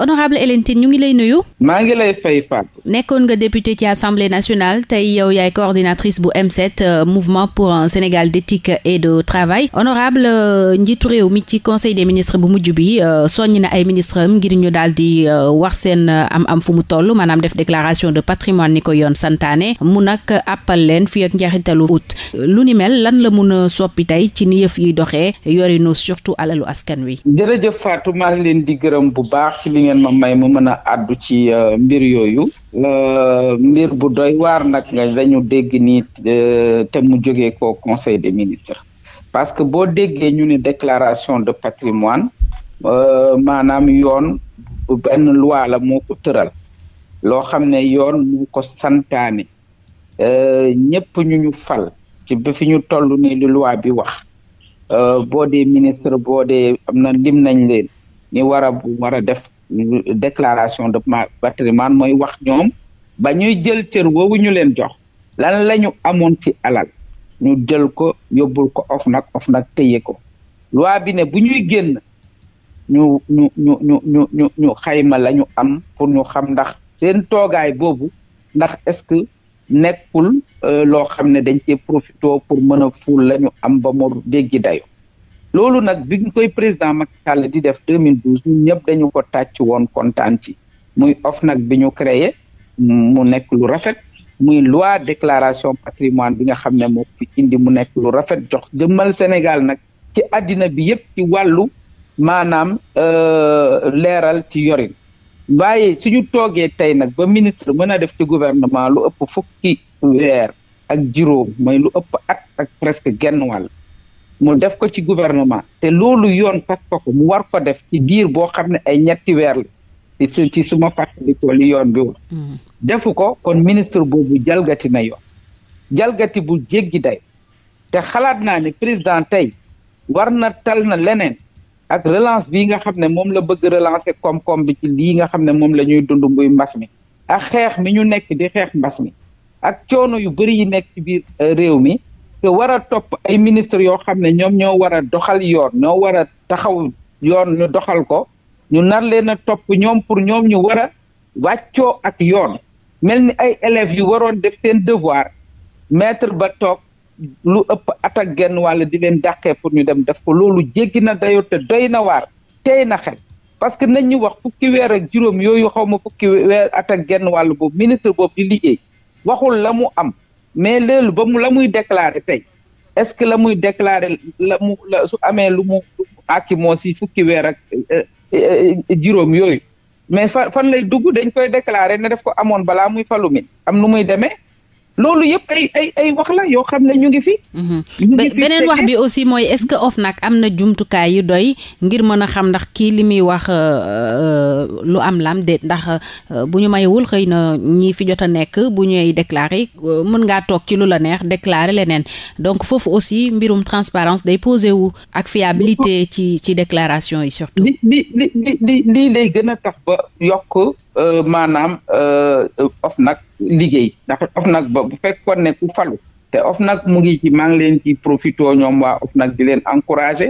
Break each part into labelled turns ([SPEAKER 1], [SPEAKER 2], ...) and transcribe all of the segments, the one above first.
[SPEAKER 1] honorable Hélène Tine ñu ngi lay nuyu.
[SPEAKER 2] maa ngi lay fay Fatou.
[SPEAKER 1] nekkoon nga député ci assemblée nationale tey yow yaay coordinatrice bu M7 euh, mouvement pour un Sénégal d'éthique et de travail honorable euh, njiitu réew mi ci conseil des ministres bu mujj bi euh, soññ na ay ministres ngir ñu daal di wax seen am-am fu mu toll maanaam def déclaration de patrimoine ni ko yoon santaane mu nag appal leen fii ak njeexitalu août lu ni mel lan la mun a soppi tey ci ni yëf yi doxee yorinu surtout alalu askan wi.
[SPEAKER 2] ngeen ma may mu mën a àddu ci euh, mbir yooyu euh, mbir bu doy waar nag nga dañu dégg nii euh, te mu jóge ko conseil des ministres parce que boo déggee ñu ne déclaration de patrimoine maanaam yoon benn loi la moo ko tëral loo xam ne yoon moo ko santaane ñëpp ñu ñu fal ci ba fi ñu toll nii li loi bi wax boo dee ministre boo dee am na lim leen ñi war a war a def déclaration de patrimoine mooy wax ñoom ba ñuy jël cër woowu ñu leen jox lan la ñu amoon ci alal ñu jël ko yóbbul ko OFNAC OFNAC téye ko loi bi ne bu ñuy génn ñu ñu ñu ñu ñu ñu ñu xayma lañu am pour ñu xam ndax seen toogaay boobu ndax est-ce que nekkul euh, loo xam ne dañ cee profité pour mën a ful la ñu am ba mu déggi dayo loolu nag bi ñu koy président Macky Sall di def 2012 ñun ñëpp dañu ko tàcc woon kontaan ci muy of nag bi ñu créé mu nekk lu rafet muy loi déclaration patrimoine bi nga xam ne moo fi indi mu nekk lu rafet jox jëmmal Sénégal nag ci àddina bi yëpp ci wàllu maanaam euh, leeral ci yorin waaye suñu toogee tey nag ba ministre mën a def ci gouvernement lu ëpp fukki weer ak juróom mooy lu ëpp at ak presque genn wàll mu def ko ci gouvernement te loolu yoon fas ko mu war ko def ci diir boo xam ne ay ñetti weer la ci ci suma fàttalikoo li yoon bi wax mm. defu ko kon ministre boobu jalgati na yoon jalgati bu jéggi day te xalaat naa ne président tey war na tal na leneen ak relance bi nga xam ne moom la bëgg relancer koom-koom bi ci lii nga xam ne moom la ñuy dund muy mbas mi ak xeex mi ñu nekk di xeex mbas mi ak coono yu bëri yi nekk ci biir euh, réew mi te war a topp ay ministre yoo xam ne ñoom ñoo war a doxal yoon ñoo war a taxaw yoon ñu doxal ko ñu nar leen a topp ñoom pour ñoom ñu war a wàccoo ak yoon mel ni ay élèves yu waroon def seen devoir metre ba toog lu ëpp at ak genn wàll di leen dàqee pour ñu dem def ko loolu jéggi na dayoo te doy na waar tey na xel parce que nañ ñu wax fukki weer ak juróom yooyu xaw ma fukki weer at ak genn wàll boobu ministre boobu di liggéey waxul la mu am mais loolu ba mu la muy déclarer tey est-ce que la muy déclarer la mu la su amee lu mu àkki si fukki weer ak euh, euh, juróom yooyu mais fa fan lay dugg dañ koy déclarer ne def ko amoon bala muy falu mi am nu muy demee loolu yëpp ay ay wax la yoo xam ne ñu ngi fi. Mhm. ñu ngi beneen wax bi
[SPEAKER 1] aussi mooy est-ce que OFNAC am na jumtukaay yu doy ngir mën a xam ndax kii li muy wax euh, euh, lu am lam déet ndax euh, bu ñu mayewul xëy na ñii fi jot a nekk bu ñuy déclarer mën ngaa toog ci lu la neex déclarer leneen donc foofu aussi mbirum transparence day posé wu ak fiabilité ci ci déclaration yi surtout.
[SPEAKER 2] li li lay gën a tax ba yokk. Euh, maanaam euh, OFNAC liggéey ndax OFNAC ba bu fekkoon ne ku falu te OFNAC mu ngi ci maa ngi leen ci profito ñoom waa OFNAC di leen encouragé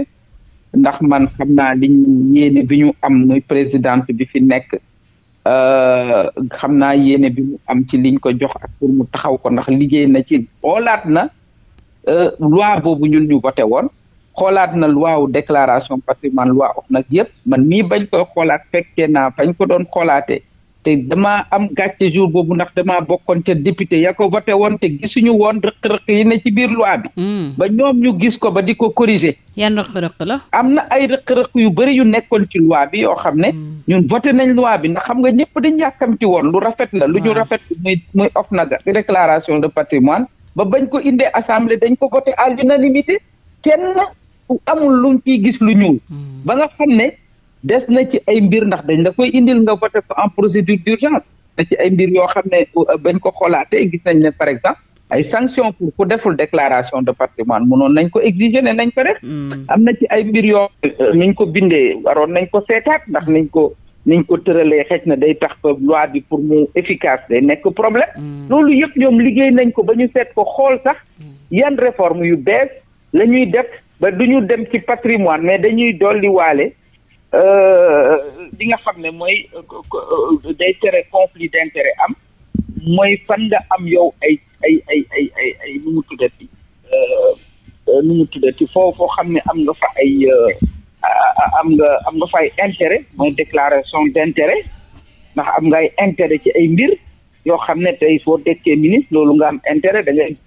[SPEAKER 2] ndax man xam naa li ñu yéene bi ñu am muy présidente bi fi nekk euh, xam naa yéene bi am ci liñ ko jox ak pour mu taxaw ko ndax liggéey na ci xoolaat na loi boobu ñun ñu voté woon xoolaat na loi wu déclaration patrimoine loi OFNAC yëpp man mii bañ koy xoolaat fekkee naa bañ ko doon xoolaatee te damaa am gàcce jour boobu ndax damaa bokkoon ca député ya ko voté woon te gisuñu woon rëq-rëq yi ne ci biir loi bi. Hmm. ba ñoom ñu gis ko ba di ko corriger. yan rëq-rëq la. am na ay rëq yu bëri yu nekkoon ci loi bi yoo xam ne. Hmm. ñun voté nañ loi bi ndax xam nga ñëpp dañ yàkkamti woon lu rafet la. lu ñu hmm. rafet muy muy OFNAC déclaration de patrimoine ba bañ ko indee assemblée dañ ko voté à l'unanimité kenn amul lu mu ciy gis lu ñuul. ba nga xam ne. des na ci ay mbir ndax dañ la koy indil nga voté ko en procédure d'urgence na ci ay mbir yoo xam ne euh, bañ ko xoolaatee gis nañ ne par exemple ay sanction pour ku deful déclaration de patrimoine mënoon nañ ko exiger ne nañ ko def hmm. am na ci ay mbir yoo euh, niñ ko bindee waroon nañ ko seetaat ndax nañ ko niñ ko tëralee xëj na day tax ko loi bi pour mu efficace day nekk problème hmm. loolu yëpp ñoom liggéey nañ ko ba ñu seet ko xool sax hmm. yan réforme yu bees la def ba du dem ci patrimoine mais dañuy dolli waale Euh, li nga xam ne mooy euh, day tere conflit d'intérêt am mooy fan nga am yow ay ay ay ay ay ay nu tuddati euh, nu mu tuddati foo foo xam ne am nga fa ay am nga am nga fa ay intérêt mooy déclaration d'intérêt ndax am nga ay intérêt ci ay mbir yoo xam ne tey foo dekkee ministre loolu nga am intérêt da ngay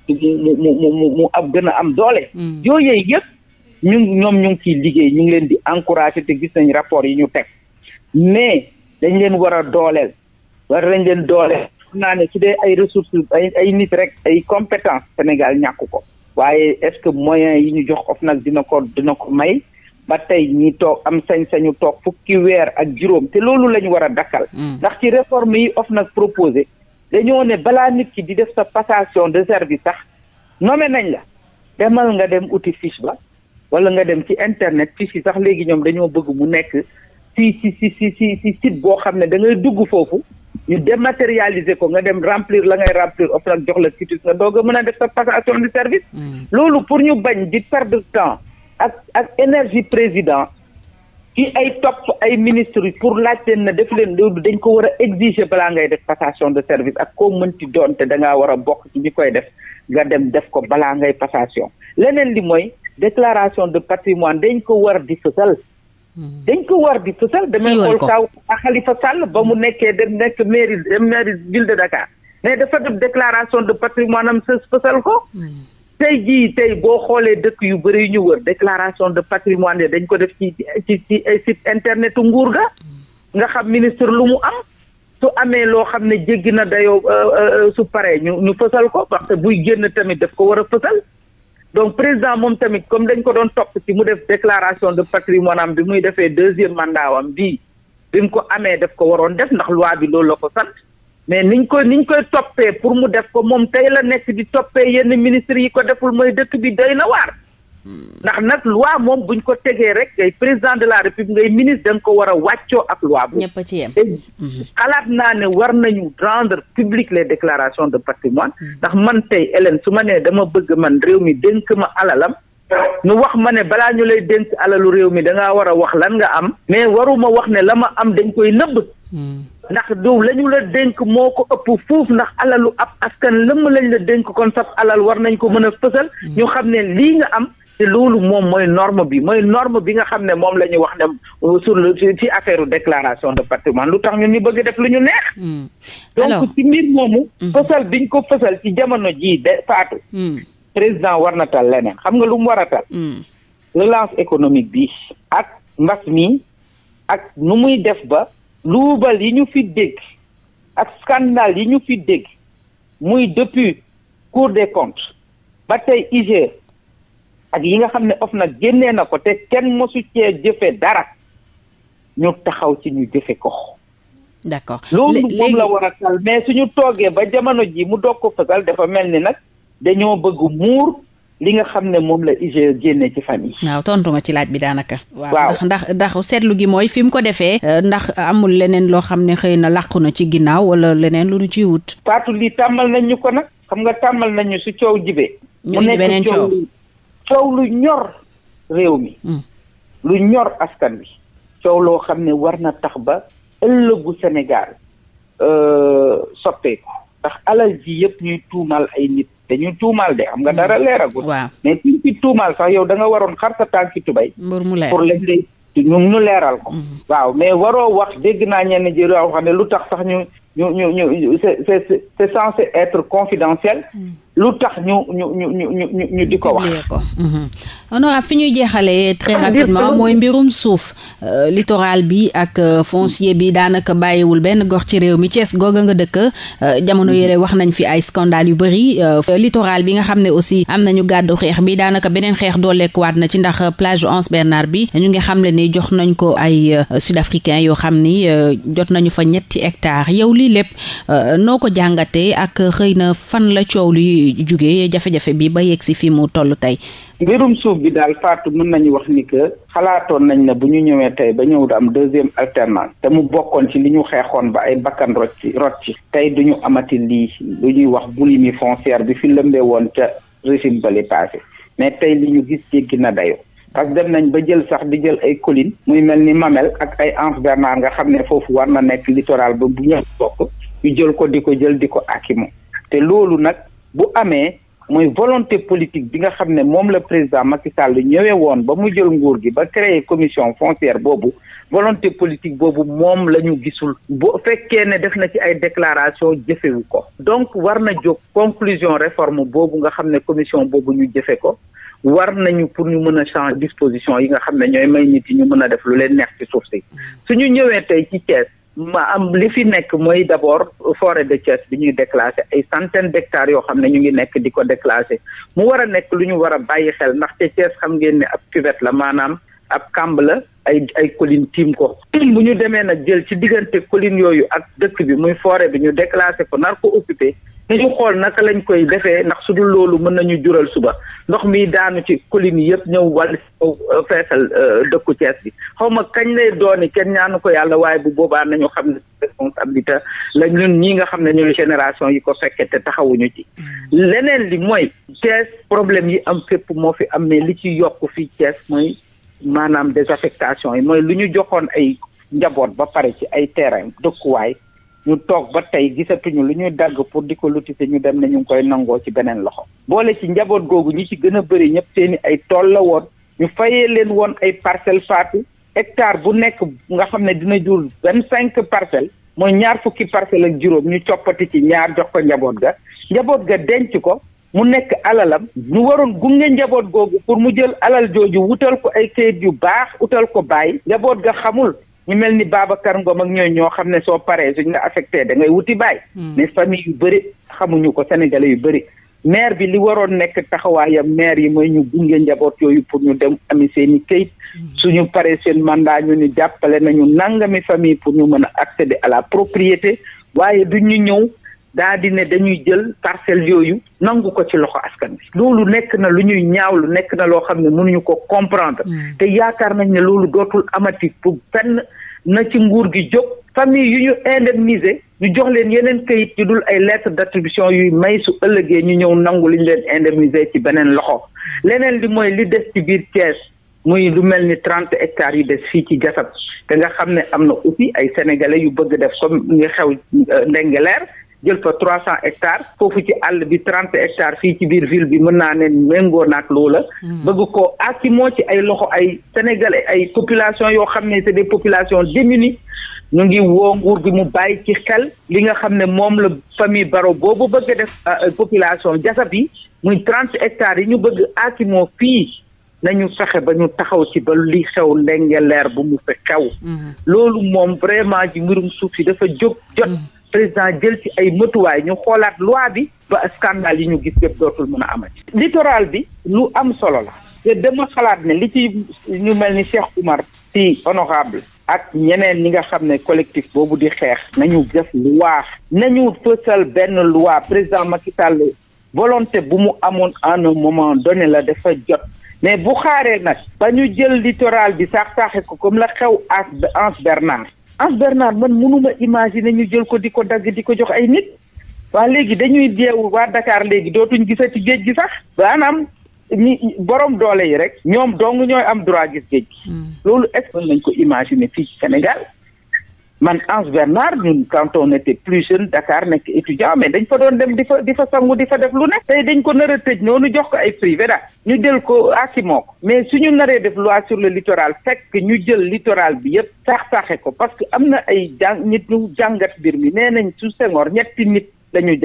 [SPEAKER 2] mu mu mu mu ab gën a am doole. Hmm. yooyu yëpp. ñu ñoom ñu ngi ciy liggéey ñu ngi leen di encouragé te gis nañu rapport yi ñu teg mais dañ leen war a dooleel war lañ leen dooleel naa ne su dee ay ressources ay ay nit rek ay compétence Sénégal ñàkk ko waaye est-ce que moyens yi ñu jox OFNAC dina ko dina ko may ba tey ñi toog am sañ-sañu toog fukki weer ak juróom te loolu la ñu war a dakkal hmm. ndax ci réforme yi OFNAC proposé dañoo ne balaa nit ki di def sa passation de service sax nommé nañ la demal nga dem uti fiche wala nga dem ci internet ci si sax léegi ñoom dañoo bëgg mu nekk si ci si si si si site boo xam ne da ngay dugg foofu ñu dématérialiser ko nga dem remplir la ngay remplir OFNAC jox la quitus nga doog a mën a def sa passation de service. Mm. loolu pour ñu bañ di perdre temps ak ak énergie président. ci ay topp ay ministres pour laaj leen na def leen loolu dañ ko war a exiger balaa ngay def passation de service ak koo mënti doon te danga war a bokk ci ñi koy def nga dem def ko balaa ngay passation leneen li mooy déclaration de patrimoine dañ ko war di fësal hmm. dañ ko war di fësal damay xool kaw a Khalifa Sall ba mu hmm. nekkee dem nekk mairie mairie ville de Dakar mais dafa def déclaration de patrimoine am sës fësal ko hmm. tey jii tey boo xoolee dëkk yu bëri yu ñu wër déclaration de patrimoine yi dañ ko def ci ci ci ay site internet nguur ga nga xam ministre lu mu am su amee loo xam ne jéggi na dayoo euh, euh, euh, su paree ñu ñu fësal ko parce que buy génn tamit daf ko war a fësal donc président moom tamit comme dañ ko doon topp ci mu def déclaration de patrimoine am bi muy defee deuxième mandat wam bii bi mu ko amee daf ko waroon def ndax loi bi loolu la ko sant mais niñ ko niñ koy toppee pour mu def ko moom tey la nekk di toppee yenn ministres yi ko deful mooy dëkk bi doy na waar ndax nag loi moom buñ ko tegee rek ngay président de la république ngay ministre da ko war a wàccoo ak loi bu ñëpp ci yem xalaat naa ne war nañu rendre public les déclarations de patrimoine mm. ndax man tey Hélène su ma nee dama bëgg man réew mi dénk ma alalam ñu wax ma ne balaa ñu lay dénk alalu réew mi da ngaa war a wax lan nga am mais waruma wax ne la ma am dañ koy nëbb mm. ndax du la ñu dénk moo ko ëpp fuuf ndax alalu ab askan lëmm lañ la dénk kon sab alal war nañ ko mën a fësal mm. am te loolu moom mooy norme bi mooy norme bi nga xam ne moom la ñu wax ne sur le ci affaire déclaration de patrimoine lu tax ñu ni bëgg def lu ñu neex. Hmm. donc ci mbir moomu. Hmm. fësal biñ ko fësal ci jamono jii de faatu. Hmm. président war na tal leneen xam nga lu mu war relance économique bi ak mbas mi ak nu muy def ba luubal yi ñu fi dégg ak scandale yi ñu fi dégg muy depuis cour des comptes ba tey IG e ak yi nga xam ne nag génnee na ko te kenn mosu cee jëfe dara ñu taxaw ci ñu jëfe ko d'accord loolu moom la war a kal mais su ñu toogee ba jamono ji mu doog ko fegal dafa mel ni nag dañoo bëgg muur li nga xam ne moom la IGE génne ci fan yi
[SPEAKER 1] waaw tontu nga ci laaj bi daanaka. waaw ndax ndax seetlu gi mooy fi mu ko defee. Euh, ndax amul leneen loo xam ne xëy na làqu na ci ginnaaw wala leneen lu nu ciy wut.
[SPEAKER 2] Fatou lii tàmmal nañ ñu ko nag xam nga tàmbal nañ ñu coow jibee. mu nekk coow lu ñor réew mi. Hmm. lu ñor askan bi coow loo xam ne war na tax ba ëllëgu Sénégal euh, soppeeku ndax alal ji yëpp ñuy tuumal ay nit dañuy tuumal de xam nga hmm. dara leeragul. waaw mais fi ci tuumal sax yow da nga waroon xar sa tànki tubay. mbir mu leer pour lañ ñun ñu leeral ko. Hmm. waaw mais waroo wax dégg naa ñenn ji yoo xam ne lu tax sax ñu ñu ñu ñu c'est c'est censé être confidentiel. lu tax ñu ñu ñu ñu ñu ñu di ko wax. Mhm.
[SPEAKER 1] honorable fi ñuy jeexalee très ah, rapidement mooy mbirum suuf euh, littoral bi ak euh, foncier bi daanaka bàyyiwul benn gox ci réew mi Thiès googa nga dëkk euh, jamono mhm. yële wax nañ fi ay scandale yu bëri littoral bi nga xam ne aussi am nañu gàddu xeex bi daanaka beneen xeex dooleekuwaat na ci ndax plage Anse Bernard bi ñu ngi xam le ni jox nañ ko ay sud-africain yoo xam ni jot nañu fa ñetti hectares yow lii lépp noo ko jàngatee ak xëy na fan la coow li ci jugee jafe-jafe bi ba yegg si fi mu toll tey.
[SPEAKER 2] mbirum suuf bi daal Fatou mën nañu wax ni que xalaatoon nañ ne bu ñu ñëwee tey ba ñëw du am deuxième alternance te mu bokkoon ci li ñu xeexoon ba ay bakkan rot ci tey du ñu amati lii lu ñuy wax boulimie foncière bi fi lëmbee woon ca régime bale passé mais tey li ñu gis jéggi na dayoo parce dem nañ ba jël sax di jël ay collines muy mel ni Mamel ak ay Anse Bernard nga xam ne foofu war na nekk littoral ba bu ñëpp bokk ñu jël ko di ko jël di ko akimu bu amee mooy volonté politique bi nga xam ne moom la président Macky Sall ñëwee woon ba mu jël nguur gi ba créer commission foncière boobu volonté politique boobu moom la ñu gisul bu fekkee ne def na ci ay déclaration jëfewu ko donc war na jóg conclusion réforme boobu nga xam ne commission boobu ñu jëfe ko war nañu pour ñu mën a change disposition yi nga xam ne ñooy may nit yi ñu mën a def lu leen neex ci suuf si ñu ñëwee tey ci Thiès ma am li fi nekk mooy d'abord forêt de Thiès bi ñuy déclassé ay centaines d'hectares yoo xam ne ñu ngi nekk di ko déclassé mu war a nekk lu ñu war a bàyyi xel ndaxte Thiès xam ngeen ne ab cuvette la maanaam ab kàmb la ay ay collines tiim ko bu ñu demee nag jël ci diggante collines yooyu ak dëkk bi muy forêt bi ñu déclassé ko nar ko occupé dañu xool naka lañ koy defee ndax su dul loolu mën nañu jural suba ndox mi daanu ci colline yi yëpp ñëw wàll euh, feesal euh, dëkku Cees bi xaw ma kañ lay dooni kenn ñaanu ko yàlla waaye bu boobaa nañu xam ne responsabilité la ñun ñi nga xam ne ñooy génération yi ko fekkee te taxawuñu ci leneen li mooy Cees problème yi am fépp moo fi am mais li ci yokk fii Cees mooy maanaam désaffectation yi mooy lu ñu joxoon ay njaboot ba pare ci ay terrain dëkkuwaay ñu toog ba tey gisatuñu lu ñuy dagg pour di ko lotissé ñu dem ne ñu koy nangoo ci beneen loxo. boole ci njaboot googu ñu ci gën a bëri ñëpp seeni ay tool la woon ñu fayee leen woon ay parcelles faatu hectare bu nekk nga xam ne dina jur vingt cinq parcelles mooy ñaar fukki parcelles ak juróom ñu coppati ci ñaar jox ko njaboot ga njaboot ga denc ko mu nekk alalam ñu waroon gunge njaboot googu pour mu jël alal jooju wutal ko ay kayit yu baax wutal ko bàyyi njaboot ga xamul. ñu mel ni Babacar Ngom ak ñooy ñoo xam ne soo paree suñ la affecté dangay wuti bàyyi. Hmm. mais famille yu bëri xamuñu ko sénégalais yu bëri. maire bi li waroon nekk taxawaayam maire yi mooy ñu gunge njaboot yooyu pour ñu dem ami seen i kayit hmm. suñu paree seen mandat ñu ni jàppale nañu nangami famille pour ñu mën a accéder à la propriété waaye du ñu ñëw. daa di ne dañuy jël parcelles yooyu nangu ko ci loxo askan bi loolu nekk na lu ñuy ñaaw lu nekk na loo xam ne mënuñu ko comprendre hmm. te yaakaar nañ ne loolu dootul amati pour fenn na ci nguur gi jóg famille yu ñu indemniser ñu jox leen yeneen kayit yu dul ay lettre d'attribution yuy may su ëllëgee ñu ñëw nangu li ñu leen indemniser ci beneen loxo leneen li mooy li des ci biir Thiès muy lu mel ni trente hectares yi des fii ci Gassab te nga xam ne am na aussi ay sénégalais yu bëgg def comme nga xew euh, Ndingler jël fa trois cent hectares foofu ci àll bi trente ectare fii ci biir ville bi mën naa ne méngoo naag loola. Hmm. bëgg ko àcc moo ci ay loxo ay sénégalais ay population yoo xam ne c'est des populations démunies ñu ngi woo nguur mu bàyyi ci xel li nga xam ne moom la famille Baro boobu bëgg def euh, euh, population jasab yi muy trente hectares yi ñu bëgg àcc moo fii. nañu fexe ba ñu taxaw ci ba li xew ndenge leer bu mu fa xew hmm. loolu moom vraiment ji mbirum suuf si dafa jóg jot hmm. président jël ci ay matuwaay ñu xoolaat loi bi ba scandale yi ñu gis yëpp dootul mën a amati. littoral bi lu am solo la. te dama xalaat ne li ci ñu mel ni Cheikh Oumar si honorable ak ñeneen ñi nga xam ne collectif boobu di xeex nañu def loi nañu fësal benn loi président Macky Sall volonté bu mu amoon en un moment donné la dafa jot mais bu xaaree nag ba ñu jël littoral bi saax saaxe ko comme la xew as Anse Bernard Anse Bernard man mënuma imaginer ñu jël ko di ko dagg di ko jox ay nit waa léegi dañuy deewu waa Dakar léegi dootuñ gisati géej gi sax maanaam ñi borom doole yi rek ñoom dong ñooy am droit gis géej gi hmm. loolu est-ce que nañ ko imaginer fii ci Sénégal man Ange Bernard ñun quand on était plus jeune Dakar nekk étudiant dañ fa doon dem di fa di fa sangu di fa def lu ne tey dañ ko nara a tëj noonu jox ko ay privé da ñu jël ko akimoo ko mais suñu naree def loi sur le littoral fekk ñu jël littoral bi yëpp sax-saxe ko parce que am na ay jàng nit ñu jàngat mbir mi nee nañ su sengoor ñetti nit la ñu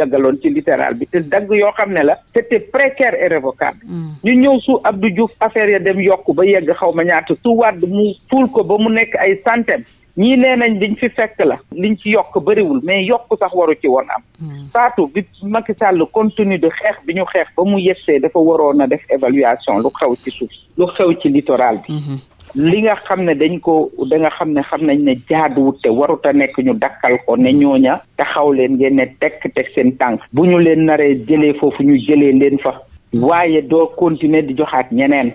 [SPEAKER 2] ci littoral bi te dagg yoo xam ne la c'était précaire et révocable mm. ñu ñëw su Abdou Diouf affaire ya dem yokk ba yegg xaw ma ñaata su mu fuul ko ba mu nekk ay centaines ñii nee nañ liñ fi fekk la liñ ci yokk bëriwul mais yokk sax waru ci woon am. Hmm. Fatou bi Macky Sall continue de xeex bi ñu xeex ba mu yessee dafa waroon a def évaluation lu xew ci suuf lu xew ci littoral bi. Hmm. li nga xam ne dañ ko da nga xam ne xam nañ ne jaaduwut te warut a nekk ñu dakkal ko ne ñooña xaw leen ngeen ne tekk teg seen tànk bu ñu leen naree jëlee foofu ñu jëlee leen fa waaye doo continuer di joxaat ñeneen.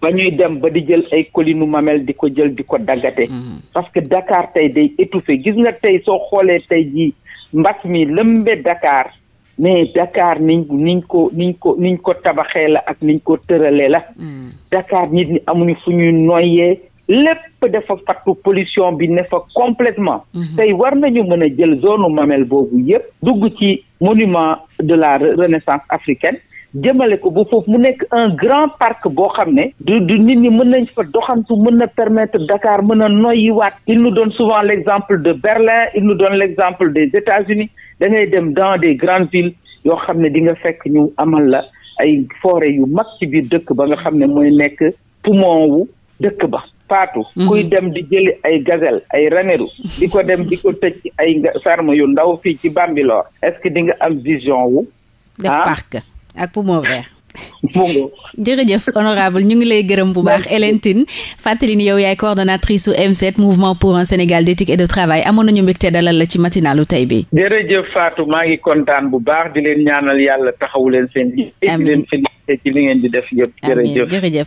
[SPEAKER 2] ba ñuy dem ba di jël ay colinu mamel di ko jël di ko daggate. Mm-hmm. parce que dakaar tey day étouffé gis nga tey soo xoolee tey jii mbas mi lëmbe dakaar mais dakaar niñ niñ ko niñ ko niñ ko tabaxee la ak niñ ko tëralee la. Mm-hmm. Dakar nit ñi amuñu fu ñuy noyyee. lépp dafa fattu pollution bi ne fa complètement mm-hmm. tey war nañu mën a jël zone mamel boobu yépp dugg ci monument de la renaissance africaine jëmale ko ba foofu mu nekk un grand park boo xam ne du du nit ñi mën nañ fa doxantu mën na permettre Dakar mën a waat il nous doon souvent l' exemple de Berlin il nous donne l' exemple des États-Unis da dem dans des grandes villes yoo xam ne di nga fekk ñu amal la ay foore yu mag ci biir dëkk ba nga xam ne mooy nekk poumon wu dëkk ba paatu mm-hmm. kuy dem di jëli ay gazelle ay raneru di ko dem di ko tëj ay ferme yu ndaw fii ci Bambilor est-ce que di nga am vision wu ah ak poumon vert
[SPEAKER 1] jërëjëf honorable ñu ngi lay gërëm bu baax Hélène Tine fàttali yow yaay coordonatrice su M7 mouvement pour un Sénégal d'éthique et de travail amoon nañu mbégte dalal la ci matinalu tey bi
[SPEAKER 2] jërëjëf Fatou maa ngi kontaan bu baax di leen ñaanal yàlla taxawu leen seen liggéey di ngeen di def yëpp jërëjëf